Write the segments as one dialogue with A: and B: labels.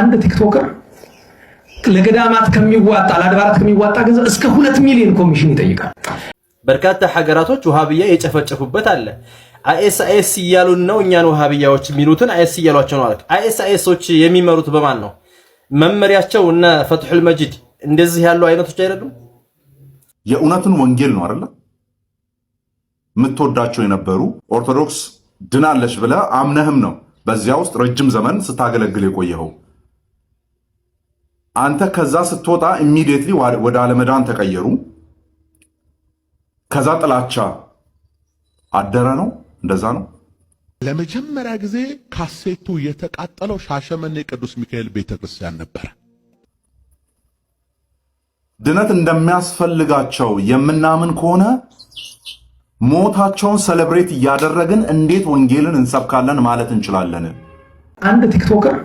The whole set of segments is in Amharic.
A: አንድ ቲክቶከር ለገዳማት ከሚዋጣ ለአድባራት ከሚዋጣ ገንዘብ እስከ ሁለት ሚሊዮን ኮሚሽን ይጠይቃል።
B: በርካታ ሀገራቶች ውሃብያ የጨፈጨፉበት አለ። አይኤስ እያሉን ነው እኛን ውሃብያዎች የሚሉትን አይኤስ እያሏቸው ነው። አይኤስ የሚመሩት በማን ነው? መመሪያቸው እነ ፈትሑል መጂድ እንደዚህ ያሉ አይነቶች አይደሉም።
C: የእውነትን ወንጌል ነው አይደለ የምትወዳቸው የነበሩ ኦርቶዶክስ ድናለች ብለህ አምነህም ነው በዚያ ውስጥ ረጅም ዘመን ስታገለግል የቆየኸው አንተ ከዛ ስትወጣ ኢሚዲየትሊ ወደ አለመዳን ተቀየሩ። ከዛ ጥላቻ አደረ ነው። እንደዛ ነው።
D: ለመጀመሪያ ጊዜ ካሴቱ የተቃጠለው ሻሸመኔ ቅዱስ ሚካኤል ቤተክርስቲያን ነበረ።
C: ድነት እንደሚያስፈልጋቸው የምናምን ከሆነ ሞታቸውን ሰለብሬት እያደረግን እንዴት ወንጌልን እንሰብካለን ማለት እንችላለን?
A: አንድ ቲክቶከር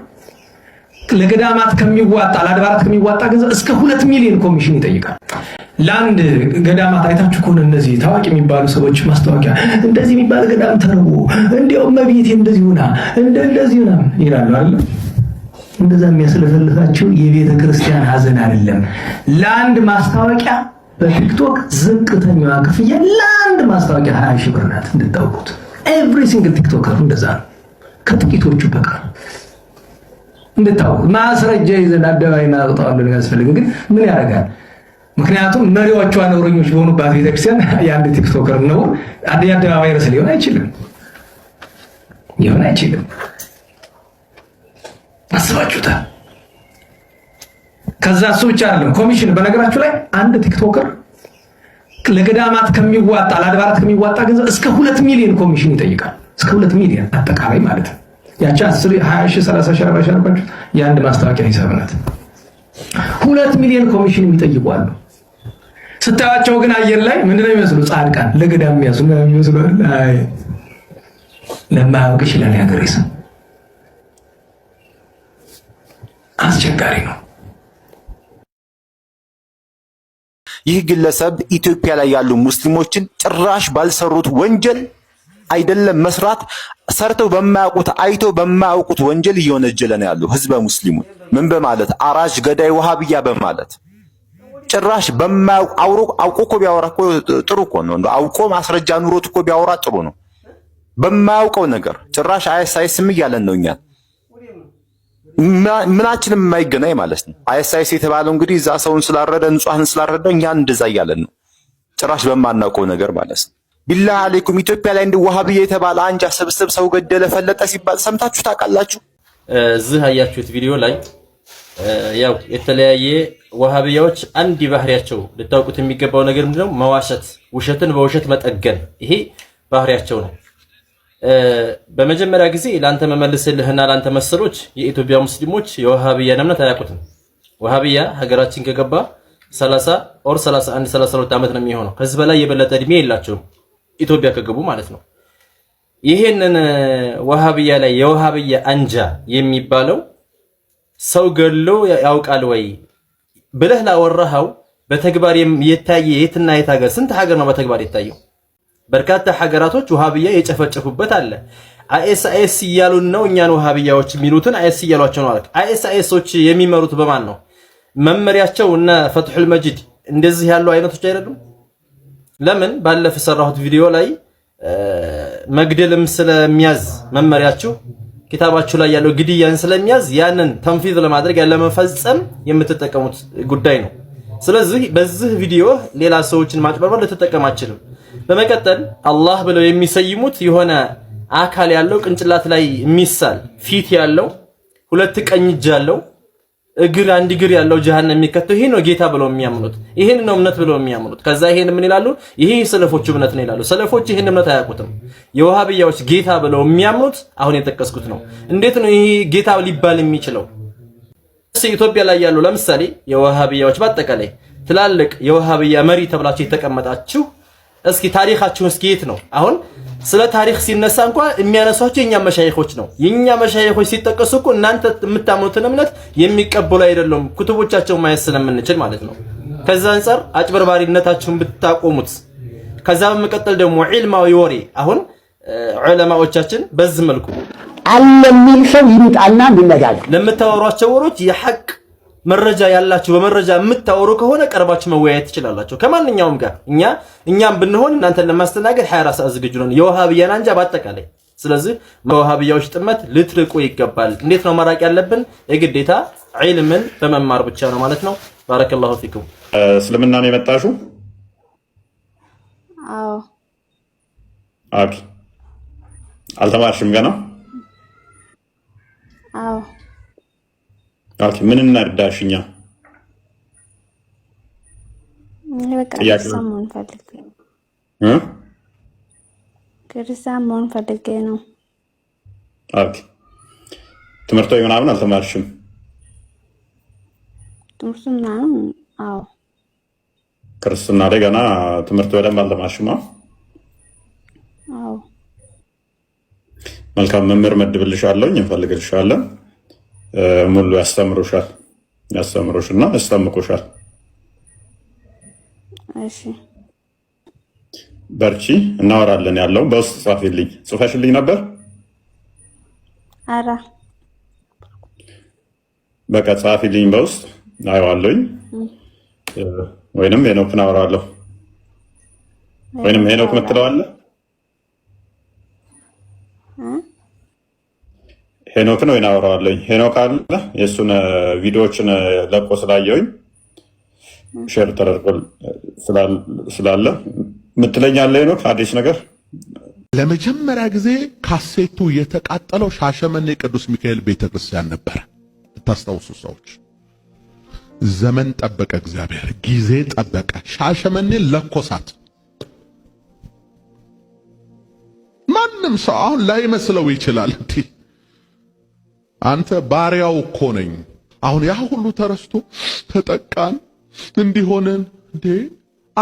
A: ለገዳማት ከሚዋጣ ለአድባራት ከሚዋጣ ገንዘብ እስከ ሁለት ሚሊዮን ኮሚሽን ይጠይቃል። ለአንድ ገዳማት አይታችሁ ከሆነ እነዚህ ታዋቂ የሚባሉ ሰዎች ማስታወቂያ እንደዚህ የሚባል ገዳም ተርቦ እንዲያውም መቤቴ እንደዚህ ሆና እንደ እንደዚህ ሆና ይላሉ አለ። እንደዛ የሚያስለፈልፋቸው የቤተ ክርስቲያን ሀዘን አይደለም። ለአንድ ማስታወቂያ በቲክቶክ ዝቅተኛዋ ክፍያ ለአንድ ማስታወቂያ ሀያ ሺህ ብር ናት። እንድታውቁት ኤቭሪ ሲንግል ቲክቶከሩ እንደዛ ነው፣ ከጥቂቶቹ በቃ እንድታወቅ ማስረጃ ይዘን አደባባይ እናወጣዋለን ያስፈልግም። ግን ምን ያደርጋል? ምክንያቱም መሪዎቿ ነውረኞች በሆኑባት ቤተክርስቲያን የአንድ ቲክቶከር ነውር የአደባባይ ርዕስ ሊሆን አይችልም ሊሆን አይችልም። አስባችሁታል? ከዛ እሱ ብቻ አይደለም ኮሚሽን። በነገራችሁ ላይ አንድ ቲክቶከር ለገዳማት ከሚዋጣ ለአድባራት ከሚዋጣ ገንዘብ እስከ ሁለት ሚሊዮን ኮሚሽን ይጠይቃል። እስከ ሁለት ሚሊዮን አጠቃላይ ማለት ነው። ያቺ 10 20 ሺህ 30 ሺህ 40 ሺህ አልኳችሁ የአንድ ማስታወቂያ ሂሳብ ናት። ሁለት ሚሊዮን ኮሚሽን የሚጠይቁ አሉ። ስታያቸው ግን አየር ላይ ምንድን ነው የሚመስሉ? ጻድቃን ለገዳም የሚመስሉ አይ ለማያውቅ ይችላል። አስቸጋሪ ነው።
B: ይህ ግለሰብ ኢትዮጵያ ላይ ያሉ ሙስሊሞችን ጭራሽ ባልሰሩት ወንጀል አይደለም መስራት ሰርተው በማያውቁት አይተው በማያውቁት ወንጀል እየወነጀለ ነው ያለው ህዝበ ሙስሊሙን። ምን በማለት አራጅ፣ ገዳይ፣ ወሃብያ በማለት ጭራሽ በማያውቁ አውሮ አውቆ እኮ ቢያወራ እኮ ጥሩ እኮ ነው። አውቆ ማስረጃ ኑሮት እኮ ቢያወራ ጥሩ ነው። በማያውቀው ነገር ጭራሽ አይኤስአይስም እያለን ነው እኛን ምናችን የማይገናኝ ማለት ነው። አይስ የተባለው እንግዲህ እዛ ሰውን ስላረደ ንጹሐንን ስላረደ እኛን እንደዛ እያለን ነው ጭራሽ በማናውቀው ነገር ማለት ነው። ቢላህ አሌይኩም ኢትዮጵያ ላይ እንደ የተባለ አንጃ ስብስብ ሰው ገደለ ፈለጠ ሲባል ሰምታችሁ ታውቃላችሁ? እዚህ አያችሁት ቪዲዮ ላይ ያው የተለያየ ወሃብያዎች አንድ ባህሪያቸው ልታውቁት የሚገባው ነገር ምንድነው? መዋሸት፣ ውሸትን በውሸት መጠገን፣ ይሄ ባህሪያቸው ነው። በመጀመሪያ ጊዜ ለአንተ መመልስልህና ለአንተ መሰሎች የኢትዮጵያ ሙስሊሞች የዋሃብያን እምነት አያውቁትም። ወሃብያ ሀገራችን ከገባ 30 ኦር 31 32 ዓመት ነው የሚሆነው። ከዚህ በላይ የበለጠ እድሜ የላቸውም። ኢትዮጵያ ከገቡ ማለት ነው። ይሄንን ወሃብያ ላይ የወሃብያ አንጃ የሚባለው ሰው ገሎ ያውቃል ወይ ብለህ ላወራኸው በተግባር የታየ የትና የት ሀገር ስንት ሀገር ነው በተግባር የታየው? በርካታ ሀገራቶች ውሃብያ የጨፈጨፉበት አለ። አይኤስ አይኤስ እያሉን ነው እኛን ውሃብያዎች የሚሉትን አይኤስ እያሏቸው ነው። አይኤስ አይኤሶች የሚመሩት በማን ነው? መመሪያቸው እነ ፈትሑል መጂድ እንደዚህ ያሉ አይነቶች አይደሉም? ለምን ባለፈ ሰራሁት ቪዲዮ ላይ መግደልም ስለሚያዝ መመሪያችሁ ኪታባችሁ ላይ ያለው ግድያን ስለሚያዝ ያንን ተንፊዝ ለማድረግ ያለ መፈጸም የምትጠቀሙት ጉዳይ ነው። ስለዚህ በዚህ ቪዲዮ ሌላ ሰዎችን ማጭበርበር ልትጠቀም አችልም። በመቀጠል አላህ ብለው የሚሰይሙት የሆነ አካል ያለው ቅንጭላት ላይ የሚሳል ፊት ያለው ሁለት ቀኝ እጅ ያለው እግር አንድ እግር ያለው ጀሃነም የሚከተው ይሄ ነው ጌታ ብለው የሚያምኑት ይሄን ነው እምነት ብለው የሚያምኑት። ከዛ ይሄን ምን ይላሉ? ይሄ ሰለፎቹ እምነት ነው ይላሉ። ሰለፎች ይሄን እምነት አያውቁትም። የውሃብያዎች ጌታ ብለው የሚያምኑት አሁን የጠቀስኩት ነው። እንዴት ነው ይሄ ጌታ ሊባል የሚችለው? ኢትዮጵያ ላይ ያሉ ለምሳሌ የውሃብያዎች በአጠቃላይ ትላልቅ የውሃብያ መሪ ተብላችሁ የተቀመጣችሁ እስኪ ታሪካችሁ እስኪ የት ነው አሁን ስለ ታሪክ ሲነሳ እንኳ የሚያነሷቸው የኛ መሻይኮች ነው። የኛ መሻይኮች ሲጠቀሱ እኮ እናንተ የምታምኑትን እምነት የሚቀበሉ አይደለም፣ ኩቱቦቻቸው ማየት ስለምንችል ማለት ነው። ከዛ አንጻር አጭበርባሪነታችሁን ብታቆሙት። ከዛ በመቀጠል ደግሞ ዒልማዊ ወሬ አሁን ዑለማዎቻችን በዚህ መልኩ
A: አለ የሚል ሰው ይምጣና እንነጋገር
B: ለምታወሯቸው ወሮች የሐቅ መረጃ ያላችሁ በመረጃ የምታወሩ ከሆነ ቀርባችሁ መወያየት ትችላላችሁ ከማንኛውም ጋር። እኛ እኛም ብንሆን እናንተን ለማስተናገድ 24 ሰዓት ዝግጁ ነን፣ የውሃብያን አንጃ በአጠቃላይ። ስለዚህ መውሃብያዎች ጥመት ልትርቁ ይገባል። እንዴት ነው መራቅ ያለብን? የግዴታ ዒልምን በመማር ብቻ ነው ማለት ነው። ባረከላሁ ፊኩም።
C: እስልምና ነው አልተማርሽም ገና? ኦኬ፣ ምን እናርዳሽ?
E: እኛ ክርስቲያን መሆን ፈልጌ ነው።
C: ኦኬ፣ ትምህርታዊ ምናምን አልተማርሽም?
E: ትምህርቱ ምናምን? አዎ፣
C: ክርስትና ላይ ገና ትምህርት በደንብ አልተማርሽም? አዎ። መልካም መምህር መድብልሻለሁ፣ እንፈልግልሻለን ሙሉ ያስተምሩሻል ያስተምሮሽ እና ያስታምቆሻል። በርቺ፣ እናወራለን ያለው በውስጥ ጻፊልኝ። ጽፈሽልኝ ነበር? አራ በቃ ጻፊልኝ በውስጥ አየዋለሁኝ። ወይንም ሄኖክ እናወራለሁ። ወይንም ሄኖክ ምትለዋለህ ሄኖክን ወይ እናወራዋለኝ። ሄኖክ አለ የእሱን ቪዲዮዎችን ለቆ ስላየውኝ ሼር ተደርጎ ስላለ ምትለኛለ ሄኖክ አዲስ ነገር
D: ለመጀመሪያ ጊዜ ካሴቱ የተቃጠለው ሻሸመኔ ቅዱስ ሚካኤል ቤተክርስቲያን ነበረ። ታስታውሱ ሰዎች፣ ዘመን ጠበቀ፣ እግዚአብሔር ጊዜ ጠበቀ። ሻሸመኔ ለኮሳት። ማንም ሰው አሁን ላይመስለው ይችላል ይችላል አንተ ባሪያው እኮ ነኝ። አሁን ያ ሁሉ ተረስቶ ተጠቃን እንዲሆንን እንዴ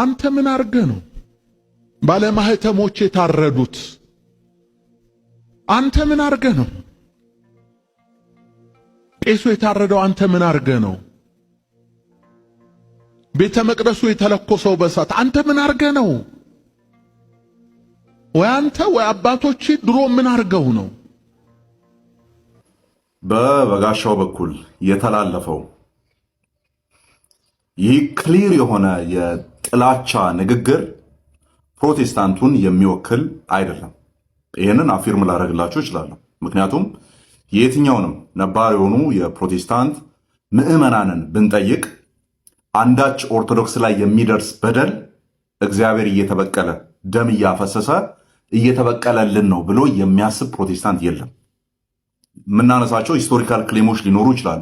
D: አንተ ምን አርገ ነው ባለማህተሞች የታረዱት? አንተ ምን አርገ ነው ቄሱ የታረደው? አንተ ምን አርገ ነው ቤተ መቅደሱ የተለኮሰው በሳት? አንተ ምን አርገ ነው? ወይ አንተ ወይ አባቶች ድሮ ምን አርገው ነው
C: በበጋሻው በኩል የተላለፈው ይህ ክሊር የሆነ የጥላቻ ንግግር ፕሮቴስታንቱን የሚወክል አይደለም። ይህንን አፊርም ላደርግላችሁ እችላለሁ። ምክንያቱም የየትኛውንም ነባር የሆኑ የፕሮቴስታንት ምዕመናንን ብንጠይቅ አንዳች ኦርቶዶክስ ላይ የሚደርስ በደል እግዚአብሔር እየተበቀለ ደም እያፈሰሰ እየተበቀለልን ነው ብሎ የሚያስብ ፕሮቴስታንት የለም። የምናነሳቸው ሂስቶሪካል ክሌሞች ሊኖሩ ይችላሉ።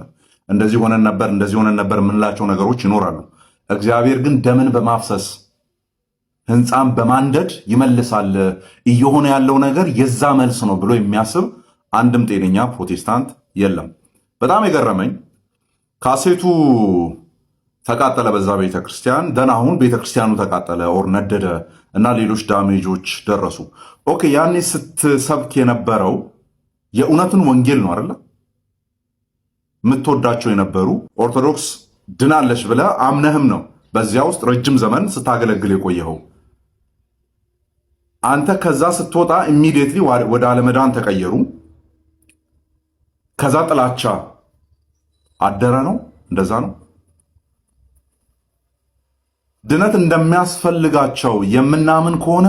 C: እንደዚህ ሆነን ነበር፣ እንደዚህ ሆነን ነበር የምንላቸው ነገሮች ይኖራሉ። እግዚአብሔር ግን ደምን በማፍሰስ ሕንፃን በማንደድ ይመልሳል። እየሆነ ያለው ነገር የዛ መልስ ነው ብሎ የሚያስብ አንድም ጤነኛ ፕሮቴስታንት የለም። በጣም የገረመኝ ካሴቱ ተቃጠለ በዛ ቤተ ክርስቲያን ደን አሁን ቤተ ክርስቲያኑ ተቃጠለ ኦር ነደደ እና ሌሎች ዳሜጆች ደረሱ። ኦኬ ያኔ ስትሰብክ የነበረው የእውነትን ወንጌል ነው አይደለ የምትወዳቸው የነበሩ ኦርቶዶክስ ድናለች ብለ አምነህም ነው በዚያ ውስጥ ረጅም ዘመን ስታገለግል የቆየኸው። አንተ ከዛ ስትወጣ ኢሚዲየትሊ ወደ አለመዳን ተቀየሩ። ከዛ ጥላቻ አደረ ነው። እንደዛ ነው። ድነት እንደሚያስፈልጋቸው የምናምን ከሆነ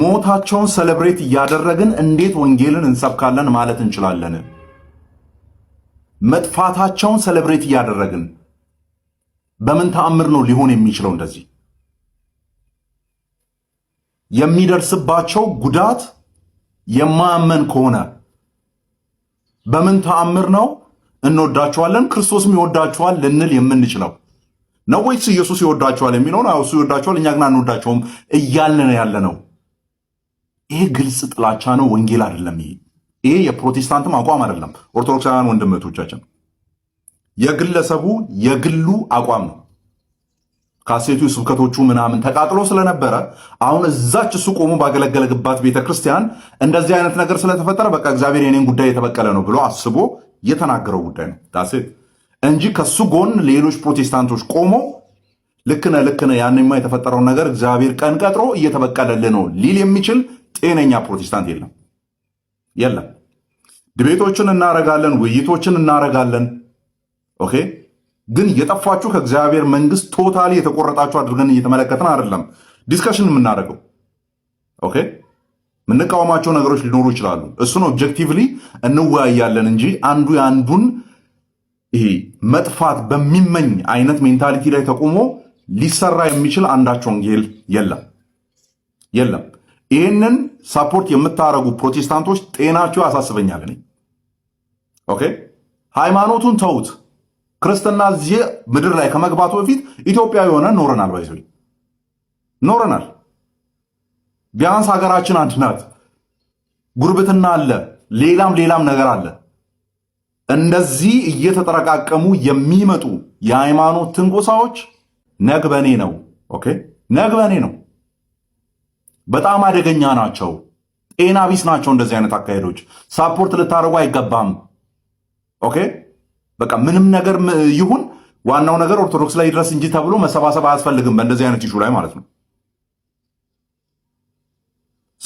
C: ሞታቸውን ሰለብሬት እያደረግን እንዴት ወንጌልን እንሰብካለን ማለት እንችላለን? መጥፋታቸውን ሰለብሬት እያደረግን በምን ተአምር ነው ሊሆን የሚችለው? እንደዚህ የሚደርስባቸው ጉዳት የማያመን ከሆነ በምን ተአምር ነው እንወዳቸዋለን ክርስቶስም ይወዳቸዋል ልንል የምንችለው ነው ወይስ ኢየሱስ ይወዳቸዋል የሚለውን እሱ ይወዳቸዋል እኛ ግን አንወዳቸውም እያልን ያለ ነው? ይሄ ግልጽ ጥላቻ ነው። ወንጌል አይደለም። ይሄ ይሄ የፕሮቴስታንትም አቋም አይደለም። ኦርቶዶክሳውያን ወንድምቶቻችን የግለሰቡ የግሉ አቋም ነው። ካሴቱ ስብከቶቹ ምናምን ተቃጥሎ ስለነበረ አሁን እዛች እሱ ቆሞ ባገለገለግባት ቤተክርስቲያን እንደዚህ አይነት ነገር ስለተፈጠረ በቃ እግዚአብሔር የኔን ጉዳይ የተበቀለ ነው ብሎ አስቦ የተናገረው ጉዳይ ነው ዳሴት እንጂ ከሱ ጎን ሌሎች ፕሮቴስታንቶች ቆመው ልክነ ልክነ ያንማ የተፈጠረውን ነገር እግዚአብሔር ቀን ቀጥሮ እየተበቀለል ነው ሊል የሚችል ጤነኛ ፕሮቴስታንት የለም የለም። ድቤቶችን እናረጋለን፣ ውይይቶችን እናረጋለን። ኦኬ ግን የጠፋችሁ ከእግዚአብሔር መንግስት ቶታሊ የተቆረጣችሁ አድርገን እየተመለከትን አይደለም ዲስከሽን የምናደርገው። ኦኬ የምንቃወማቸው ነገሮች ሊኖሩ ይችላሉ። እሱን ኦብጀክቲቭሊ እንወያያለን እንጂ አንዱ የአንዱን ይሄ መጥፋት በሚመኝ አይነት ሜንታሊቲ ላይ ተቆሞ ሊሰራ የሚችል አንዳቸው ወንጌል የለም የለም። ይህንን ሰፖርት የምታደረጉ ፕሮቴስታንቶች ጤናቸው ያሳስበኛል። እኔ ኦኬ ሃይማኖቱን ተውት ክርስትና እዚህ ምድር ላይ ከመግባቱ በፊት ኢትዮጵያ የሆነ ኖረናል፣ ባይዘ ኖረናል። ቢያንስ ሀገራችን አንድ ናት። ጉርብትና አለ፣ ሌላም ሌላም ነገር አለ። እንደዚህ እየተጠረቃቀሙ የሚመጡ የሃይማኖት ትንኮሳዎች ነግበኔ ነው። ኦኬ ነግበኔ ነው። በጣም አደገኛ ናቸው። ጤና ቢስ ናቸው። እንደዚህ አይነት አካሄዶች ሳፖርት ልታደርጉ አይገባም። ኦኬ በቃ ምንም ነገር ይሁን ዋናው ነገር ኦርቶዶክስ ላይ ድረስ እንጂ ተብሎ መሰባሰብ አያስፈልግም። በእንደዚህ አይነት ይሹ ላይ ማለት ነው።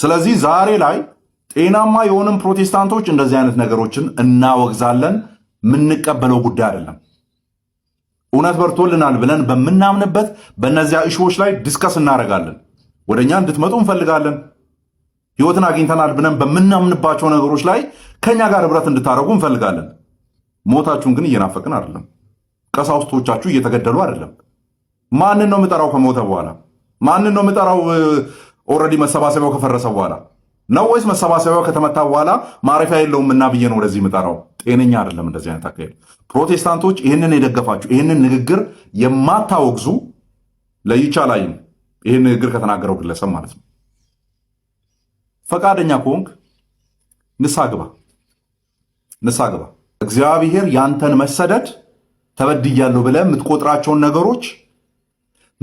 C: ስለዚህ ዛሬ ላይ ጤናማ የሆንም ፕሮቴስታንቶች እንደዚህ አይነት ነገሮችን እናወግዛለን። የምንቀበለው ጉዳይ አይደለም። እውነት በርቶልናል ብለን በምናምንበት በእነዚያ እሾዎች ላይ ዲስከስ እናደርጋለን። ወደ እኛ እንድትመጡ እንፈልጋለን። ህይወትን አግኝተናል ብለን በምናምንባቸው ነገሮች ላይ ከእኛ ጋር ብረት እንድታደረጉ እንፈልጋለን። ሞታችሁን ግን እየናፈቅን አይደለም። ቀሳውስቶቻችሁ እየተገደሉ አይደለም። ማንን ነው የምጠራው? ከሞተ በኋላ ማንን ነው የምጠራው? ኦልሬዲ መሰባሰቢያው ከፈረሰ በኋላ ነው ወይስ መሰባሰቢያው ከተመታ በኋላ ማረፊያ የለውም እና ብዬ ነው ወደዚህ የምጠራው? ጤነኛ አይደለም እንደዚህ አይነት አካሄድ። ፕሮቴስታንቶች ይህንን የደገፋችሁ ይህንን ንግግር የማታወግዙ ለይቻላይም ይህን ንግግር ከተናገረው ግለሰብ ማለት ነው። ፈቃደኛ ከሆንክ ንሳ ግባ፣ ንሳ ግባ። እግዚአብሔር ያንተን መሰደድ ተበድያለሁ ብለ የምትቆጥራቸውን ነገሮች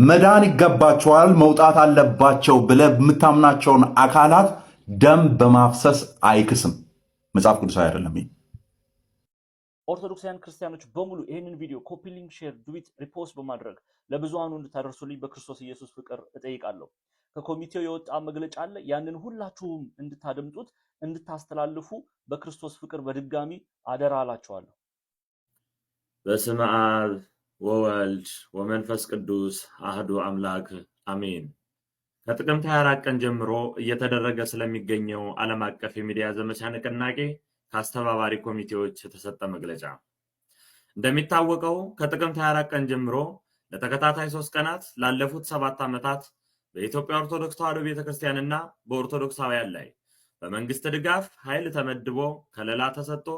C: መዳን ይገባቸዋል፣ መውጣት አለባቸው ብለ የምታምናቸውን አካላት ደም በማፍሰስ አይክስም። መጽሐፍ ቅዱሳዊ አይደለም።
B: ኦርቶዶክሳውያን ክርስቲያኖች በሙሉ ይህንን ቪዲዮ ኮፒ ሊንክ፣ ሼር፣ ዱዊት፣ ሪፖስት በማድረግ ለብዙሃኑ እንድታደርሱልኝ በክርስቶስ ኢየሱስ ፍቅር እጠይቃለሁ። ከኮሚቴው የወጣ መግለጫ አለ። ያንን ሁላችሁም እንድታደምጡት እንድታስተላልፉ በክርስቶስ ፍቅር በድጋሚ አደራ አላችኋለሁ። በስመ አብ ወወልድ ወመንፈስ ቅዱስ አህዱ አምላክ አሜን። ከጥቅምት 24 ቀን ጀምሮ እየተደረገ ስለሚገኘው ዓለም አቀፍ የሚዲያ ዘመቻ ንቅናቄ ከአስተባባሪ ኮሚቴዎች የተሰጠ መግለጫ። እንደሚታወቀው ከጥቅምት 24 ቀን ጀምሮ ለተከታታይ ሶስት ቀናት ላለፉት ሰባት ዓመታት በኢትዮጵያ ኦርቶዶክስ ተዋሕዶ ቤተ ክርስቲያንና በኦርቶዶክሳውያን ላይ በመንግስት ድጋፍ ኃይል ተመድቦ ከለላ ተሰጥቶ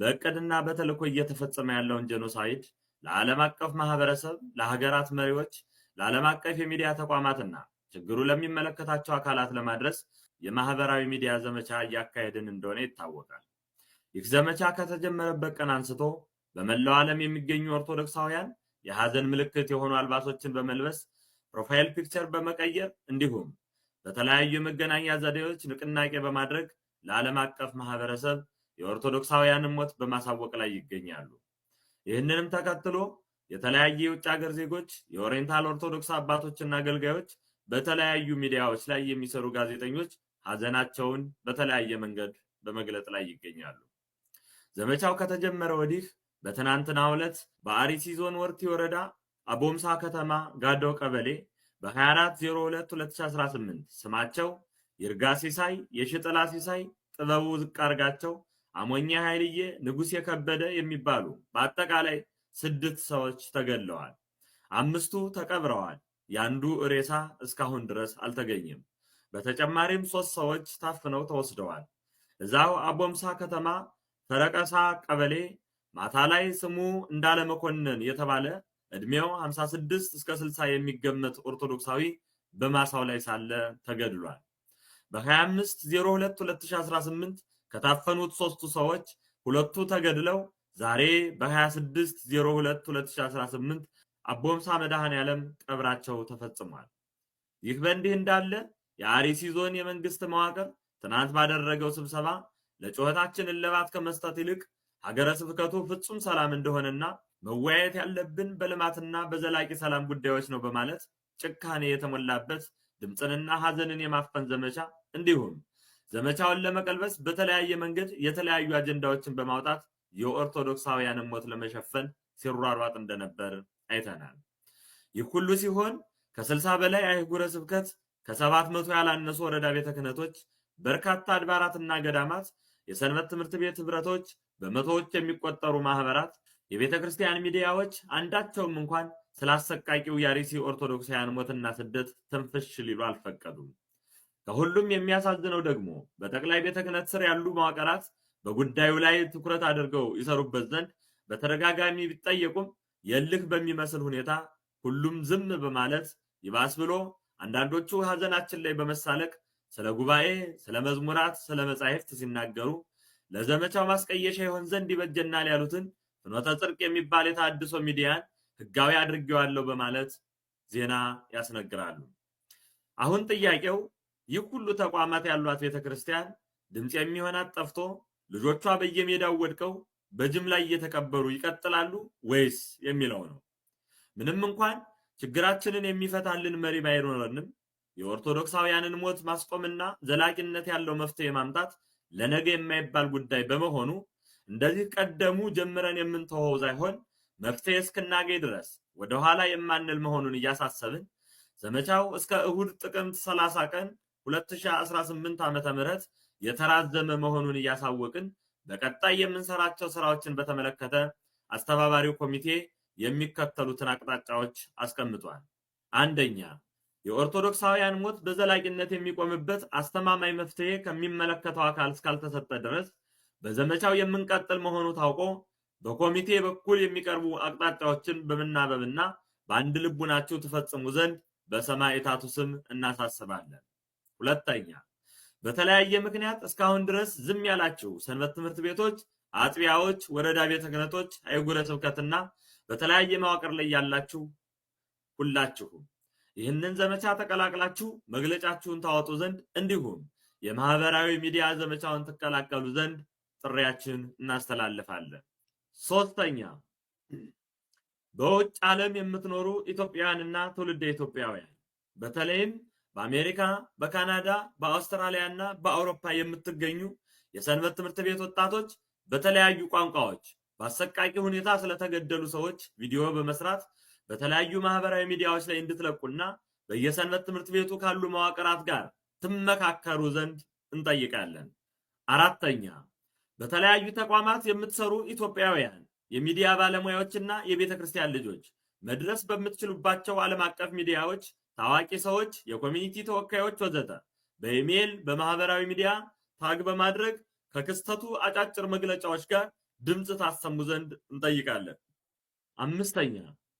B: በእቅድና በተልዕኮ እየተፈጸመ ያለውን ጄኖሳይድ ለዓለም አቀፍ ማህበረሰብ፣ ለሀገራት መሪዎች፣ ለዓለም አቀፍ የሚዲያ ተቋማትና ችግሩ ለሚመለከታቸው አካላት ለማድረስ የማህበራዊ ሚዲያ ዘመቻ እያካሄድን እንደሆነ ይታወቃል። ይህ ዘመቻ ከተጀመረበት ቀን አንስቶ በመላው ዓለም የሚገኙ ኦርቶዶክሳውያን የሐዘን ምልክት የሆኑ አልባሶችን በመልበስ ፕሮፋይል ፒክቸር በመቀየር እንዲሁም በተለያዩ የመገናኛ ዘዴዎች ንቅናቄ በማድረግ ለዓለም አቀፍ ማህበረሰብ የኦርቶዶክሳውያንን ሞት በማሳወቅ ላይ ይገኛሉ። ይህንንም ተከትሎ የተለያየ የውጭ ሀገር ዜጎች የኦሪየንታል ኦርቶዶክስ አባቶችና አገልጋዮች በተለያዩ ሚዲያዎች ላይ የሚሰሩ ጋዜጠኞች ሐዘናቸውን በተለያየ መንገድ በመግለጥ ላይ ይገኛሉ። ዘመቻው ከተጀመረ ወዲህ በትናንትና ዕለት በአርሲ ዞን ወርቲ ወረዳ አቦምሳ ከተማ ጋዶ ቀበሌ በ2402/2018 ስማቸው ይርጋ ሲሳይ፣ የሽጥላ ሲሳይ፣ ጥበቡ ዝቃርጋቸው፣ አሞኛ ኃይልዬ፣ ንጉሥ የከበደ የሚባሉ በአጠቃላይ ስድስት ሰዎች ተገለዋል። አምስቱ ተቀብረዋል። የአንዱ ሬሳ እስካሁን ድረስ አልተገኘም። በተጨማሪም ሶስት ሰዎች ታፍነው ተወስደዋል። እዛው አቦምሳ ከተማ ፈረቀሳ ቀበሌ ማታ ላይ ስሙ እንዳለ መኮንን የተባለ እድሜው 56 እስከ 60 የሚገመት ኦርቶዶክሳዊ በማሳው ላይ ሳለ ተገድሏል። በ25022018 ከታፈኑት ሶስቱ ሰዎች ሁለቱ ተገድለው ዛሬ በ26022018 አቦምሳ ዓለም ቀብራቸው ተፈጽሟል። ይህ በእንዲህ እንዳለ የአርሲ ዞን የመንግስት መዋቅር ትናንት ባደረገው ስብሰባ ለጩኸታችን እልባት ከመስጠት ይልቅ ሀገረ ስብከቱ ፍጹም ሰላም እንደሆነና መወያየት ያለብን በልማትና በዘላቂ ሰላም ጉዳዮች ነው በማለት ጭካኔ የተሞላበት ድምፅንና ሀዘንን የማፈን ዘመቻ እንዲሁም ዘመቻውን ለመቀልበስ በተለያየ መንገድ የተለያዩ አጀንዳዎችን በማውጣት የኦርቶዶክሳውያንን ሞት ለመሸፈን ሲሯሯጥ እንደነበር አይተናል። ይህ ሁሉ ሲሆን ከስልሳ በላይ አህጉረ ስብከት ከሰባት መቶ ያላነሱ ወረዳ ቤተ ክህነቶች፣ በርካታ አድባራትና ገዳማት የሰንበት ትምህርት ቤት ህብረቶች፣ በመቶዎች የሚቆጠሩ ማህበራት፣ የቤተ ክርስቲያን ሚዲያዎች አንዳቸውም እንኳን ስለ አሰቃቂው የአርሲ ኦርቶዶክሳውያን ሞትና ስደት ትንፍሽ ሊሉ አልፈቀዱም። ከሁሉም የሚያሳዝነው ደግሞ በጠቅላይ ቤተ ክህነት ስር ያሉ መዋቅራት በጉዳዩ ላይ ትኩረት አድርገው ይሰሩበት ዘንድ በተደጋጋሚ ቢጠየቁም የልህ በሚመስል ሁኔታ ሁሉም ዝም በማለት ይባስ ብሎ አንዳንዶቹ ሀዘናችን ላይ በመሳለቅ ስለ ጉባኤ፣ ስለ መዝሙራት፣ ስለ መጻሕፍት ሲናገሩ ለዘመቻው ማስቀየሻ ይሆን ዘንድ ይበጀናል ያሉትን ፍኖተ ጽድቅ የሚባል የተሐድሶ ሚዲያን ህጋዊ አድርጌዋለሁ በማለት ዜና ያስነግራሉ። አሁን ጥያቄው ይህ ሁሉ ተቋማት ያሏት ቤተ ክርስቲያን ድምፅ የሚሆናት ጠፍቶ ልጆቿ በየሜዳው ወድቀው በጅምላ እየተቀበሩ ይቀጥላሉ ወይስ የሚለው ነው። ምንም እንኳን ችግራችንን የሚፈታልን መሪ ባይኖረንም የኦርቶዶክሳውያንን ሞት ማስቆምና ዘላቂነት ያለው መፍትሄ ማምጣት ለነገ የማይባል ጉዳይ በመሆኑ እንደዚህ ቀደሙ ጀምረን የምንተወው ሳይሆን መፍትሄ እስክናገኝ ድረስ ወደኋላ የማንል መሆኑን እያሳሰብን ዘመቻው እስከ እሁድ ጥቅምት 30 ቀን 2018 ም የተራዘመ መሆኑን እያሳወቅን በቀጣይ የምንሰራቸው ስራዎችን በተመለከተ አስተባባሪው ኮሚቴ የሚከተሉትን አቅጣጫዎች አስቀምጧል። አንደኛ የኦርቶዶክሳውያን ሞት በዘላቂነት የሚቆምበት አስተማማኝ መፍትሄ ከሚመለከተው አካል እስካልተሰጠ ድረስ በዘመቻው የምንቀጥል መሆኑ ታውቆ በኮሚቴ በኩል የሚቀርቡ አቅጣጫዎችን በምናበብና በአንድ ልቡናችሁ ትፈጽሙ ዘንድ በሰማዕታቱ ስም እናሳስባለን። ሁለተኛ፣ በተለያየ ምክንያት እስካሁን ድረስ ዝም ያላችሁ ሰንበት ትምህርት ቤቶች፣ አጥቢያዎች፣ ወረዳ ቤተ ክህነቶች፣ አህጉረ ስብከትና በተለያየ መዋቅር ላይ ያላችሁ ሁላችሁም ይህንን ዘመቻ ተቀላቅላችሁ መግለጫችሁን ታወጡ ዘንድ እንዲሁም የማህበራዊ ሚዲያ ዘመቻውን ትቀላቀሉ ዘንድ ጥሪያችን እናስተላልፋለን። ሶስተኛ በውጭ ዓለም የምትኖሩ ኢትዮጵያውያንና ትውልደ ኢትዮጵያውያን በተለይም በአሜሪካ፣ በካናዳ፣ በአውስትራሊያ እና በአውሮፓ የምትገኙ የሰንበት ትምህርት ቤት ወጣቶች በተለያዩ ቋንቋዎች በአሰቃቂ ሁኔታ ስለተገደሉ ሰዎች ቪዲዮ በመስራት በተለያዩ ማህበራዊ ሚዲያዎች ላይ እንድትለቁና በየሰንበት ትምህርት ቤቱ ካሉ መዋቅራት ጋር ትመካከሩ ዘንድ እንጠይቃለን። አራተኛ በተለያዩ ተቋማት የምትሰሩ ኢትዮጵያውያን የሚዲያ ባለሙያዎችና የቤተ ክርስቲያን ልጆች መድረስ በምትችሉባቸው ዓለም አቀፍ ሚዲያዎች፣ ታዋቂ ሰዎች፣ የኮሚኒቲ ተወካዮች ወዘተ በኢሜይል በማህበራዊ ሚዲያ ታግ በማድረግ ከክስተቱ አጫጭር መግለጫዎች ጋር ድምፅ ታሰሙ ዘንድ እንጠይቃለን። አምስተኛ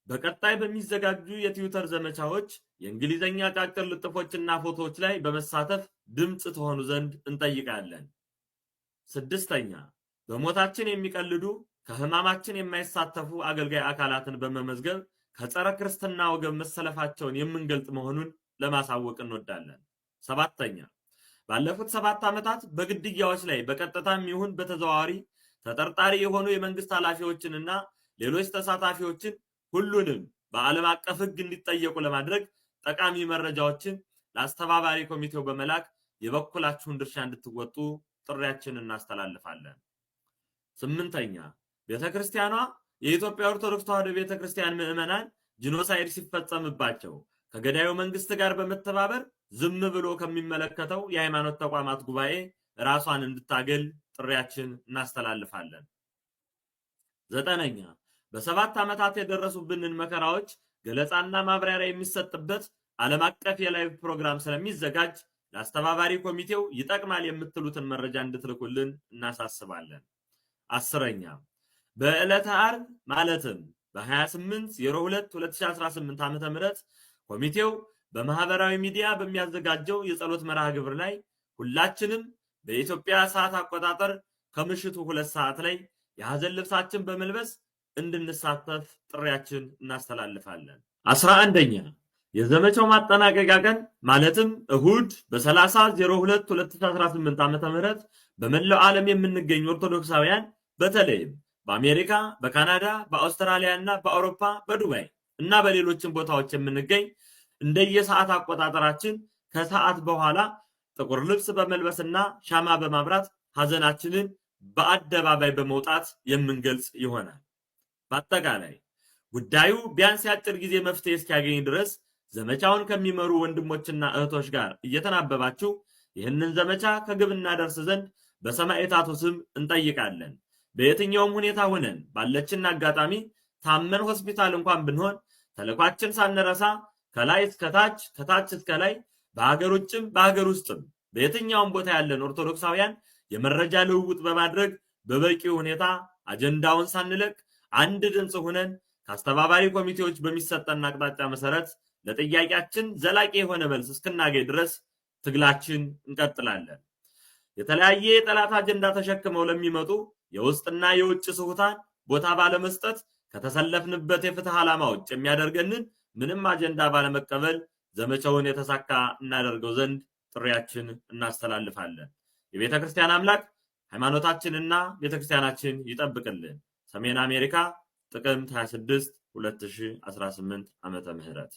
B: በቀጣይ በሚዘጋጁ የትዊተር ዘመቻዎች የእንግሊዝኛ አጫጭር ልጥፎችና ፎቶዎች ላይ በመሳተፍ ድምፅ ትሆኑ ዘንድ እንጠይቃለን። ስድስተኛ በሞታችን የሚቀልዱ ከህማማችን የማይሳተፉ አገልጋይ አካላትን በመመዝገብ ከጸረ ክርስትና ወገብ መሰለፋቸውን የምንገልጥ መሆኑን ለማሳወቅ እንወዳለን። ሰባተኛ ባለፉት ሰባት ዓመታት በግድያዎች ላይ በቀጥታም ይሁን በተዘዋዋሪ ተጠርጣሪ የሆኑ የመንግስት ኃላፊዎችንና ሌሎች ተሳታፊዎችን ሁሉንም በዓለም አቀፍ ሕግ እንዲጠየቁ ለማድረግ ጠቃሚ መረጃዎችን ለአስተባባሪ ኮሚቴው በመላክ የበኩላችሁን ድርሻ እንድትወጡ ጥሪያችንን እናስተላልፋለን። ስምንተኛ ቤተ ክርስቲያኗ የኢትዮጵያ ኦርቶዶክስ ተዋሕዶ ቤተ ክርስቲያን ምዕመናን ጂኖሳይድ ሲፈጸምባቸው ከገዳዩ መንግስት ጋር በመተባበር ዝም ብሎ ከሚመለከተው የሃይማኖት ተቋማት ጉባኤ ራሷን እንድታገል ጥሪያችን እናስተላልፋለን። ዘጠነኛ በሰባት ዓመታት የደረሱብንን መከራዎች ገለጻና ማብራሪያ የሚሰጥበት ዓለም አቀፍ የላይቭ ፕሮግራም ስለሚዘጋጅ ለአስተባባሪ ኮሚቴው ይጠቅማል የምትሉትን መረጃ እንድትልኩልን እናሳስባለን። አስረኛ በዕለተ ዓርብ ማለትም በ28 02 2018 ዓ ም ኮሚቴው በማህበራዊ ሚዲያ በሚያዘጋጀው የጸሎት መርሃ ግብር ላይ ሁላችንም በኢትዮጵያ ሰዓት አቆጣጠር ከምሽቱ ሁለት ሰዓት ላይ የሐዘን ልብሳችን በመልበስ እንድንሳተፍ ጥሪያችን እናስተላልፋለን። አስራ አንደኛ የዘመቻው ማጠናቀቂያ ቀን ማለትም እሁድ በ30/02/2018 ዓ ም በመላው ዓለም የምንገኙ ኦርቶዶክሳውያን በተለይም በአሜሪካ፣ በካናዳ፣ በአውስትራሊያ እና በአውሮፓ በዱባይ እና በሌሎችም ቦታዎች የምንገኝ እንደየሰዓት አቆጣጠራችን ከሰዓት በኋላ ጥቁር ልብስ በመልበስና ሻማ በማብራት ሀዘናችንን በአደባባይ በመውጣት የምንገልጽ ይሆናል። በአጠቃላይ ጉዳዩ ቢያንስ የአጭር ጊዜ መፍትሄ እስኪያገኝ ድረስ ዘመቻውን ከሚመሩ ወንድሞችና እህቶች ጋር እየተናበባችሁ ይህንን ዘመቻ ከግብ እናደርስ ዘንድ በሰማዕታቱ ስም እንጠይቃለን። በየትኛውም ሁኔታ ሆነን ባለችን አጋጣሚ ታመን ሆስፒታል እንኳን ብንሆን ተልኳችን ሳንረሳ ከላይ እስከ ታች ከታች እስከ ላይ በሀገር ውጭም በሀገር ውስጥም በየትኛውም ቦታ ያለን ኦርቶዶክሳውያን የመረጃ ልውውጥ በማድረግ በበቂ ሁኔታ አጀንዳውን ሳንለቅ አንድ ድምፅ ሁነን ከአስተባባሪ ኮሚቴዎች በሚሰጠን አቅጣጫ መሰረት ለጥያቄያችን ዘላቂ የሆነ መልስ እስክናገኝ ድረስ ትግላችን እንቀጥላለን። የተለያየ የጠላት አጀንዳ ተሸክመው ለሚመጡ የውስጥና የውጭ ስሁታን ቦታ ባለመስጠት ከተሰለፍንበት የፍትህ ዓላማ ውጭ የሚያደርገንን ምንም አጀንዳ ባለመቀበል ዘመቻውን የተሳካ እናደርገው ዘንድ ጥሪያችን እናስተላልፋለን። የቤተ ክርስቲያን አምላክ ሃይማኖታችንና ቤተ ክርስቲያናችን ይጠብቅልን። ሰሜን አሜሪካ ጥቅምት 26 2018 ዓ ምህረት